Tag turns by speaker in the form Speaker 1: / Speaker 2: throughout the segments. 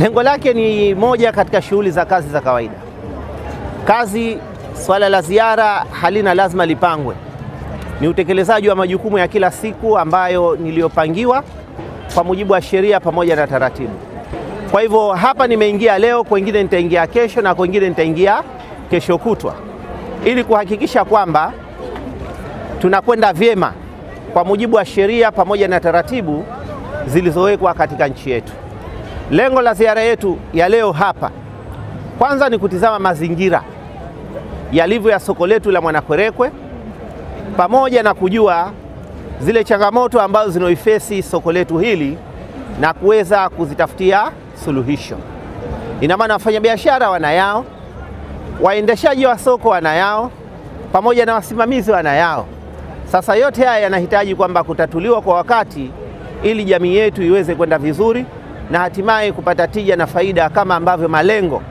Speaker 1: Lengo lake ni moja katika shughuli za kazi za kawaida. Kazi swala la ziara halina lazima lipangwe, ni utekelezaji wa majukumu ya kila siku ambayo niliyopangiwa kwa mujibu wa sheria pamoja na taratibu. Kwa hivyo hapa nimeingia leo, kwengine nitaingia kesho na kwengine nitaingia kesho kutwa, ili kuhakikisha kwamba tunakwenda vyema kwa mujibu wa sheria pamoja na taratibu zilizowekwa katika nchi yetu. Lengo la ziara yetu ya leo hapa kwanza ni kutizama mazingira yalivyo ya soko letu la Mwanakwerekwe pamoja na kujua zile changamoto ambazo zinaifesi soko letu hili na kuweza kuzitafutia suluhisho. Ina maana wafanyabiashara wana yao, waendeshaji wa soko wana yao, pamoja na wasimamizi wana yao. Sasa yote haya yanahitaji kwamba kutatuliwa kwa wakati ili jamii yetu iweze kwenda vizuri na hatimaye kupata tija na faida kama ambavyo malengo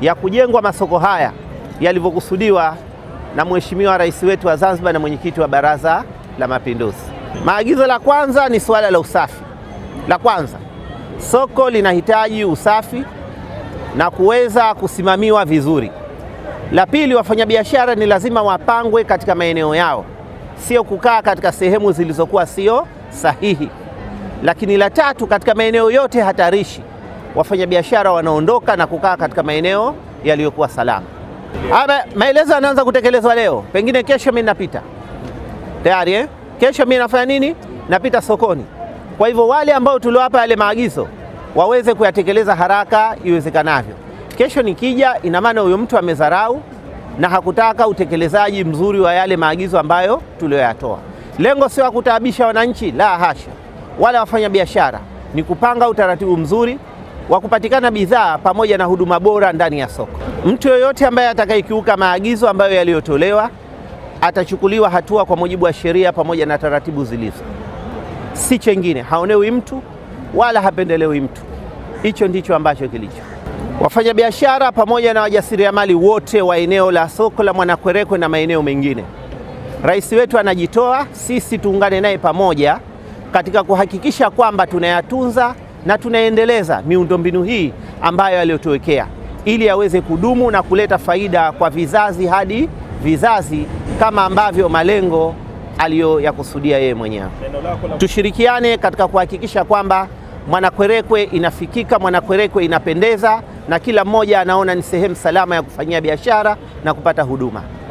Speaker 1: ya kujengwa masoko haya yalivyokusudiwa na Mheshimiwa Rais wetu wa Zanzibar na mwenyekiti wa Baraza la Mapinduzi. Maagizo la kwanza ni suala la usafi. La kwanza, soko linahitaji usafi na kuweza kusimamiwa vizuri. La pili, wafanyabiashara ni lazima wapangwe katika maeneo yao, sio kukaa katika sehemu zilizokuwa sio sahihi. Lakini la tatu, katika maeneo yote hatarishi wafanyabiashara wanaondoka na kukaa katika maeneo yaliyokuwa salama. Haya maelezo yanaanza kutekelezwa leo, pengine kesho mimi napita tayari eh? Kesho mimi nafanya nini? Napita sokoni. Kwa hivyo wale ambao tuliwapa yale maagizo waweze kuyatekeleza haraka iwezekanavyo. Kesho nikija, ina maana huyo mtu amezarau na hakutaka utekelezaji mzuri wa yale maagizo ambayo tuliyoyatoa. Lengo sio kutaabisha wananchi, la hasha wala wafanyabiashara ni kupanga utaratibu mzuri wa kupatikana bidhaa pamoja na huduma bora ndani ya soko. Mtu yoyote ambaye atakayekiuka maagizo ambayo yaliyotolewa atachukuliwa hatua kwa mujibu wa sheria pamoja na taratibu zilizo, si chengine. Haonewi mtu wala hapendelewi mtu. Hicho ndicho ambacho kilicho. Wafanyabiashara pamoja na wajasiriamali wote wa eneo la soko la Mwanakwerekwe na maeneo mengine, rais wetu anajitoa, sisi tuungane naye pamoja katika kuhakikisha kwamba tunayatunza na tunaendeleza miundombinu hii ambayo aliyotuwekea ili yaweze kudumu na kuleta faida kwa vizazi hadi vizazi kama ambavyo malengo aliyoyakusudia yeye mwenyewe. Tushirikiane katika kuhakikisha kwamba Mwanakwerekwe inafikika, Mwanakwerekwe inapendeza na kila mmoja anaona ni sehemu salama ya kufanyia biashara na kupata huduma.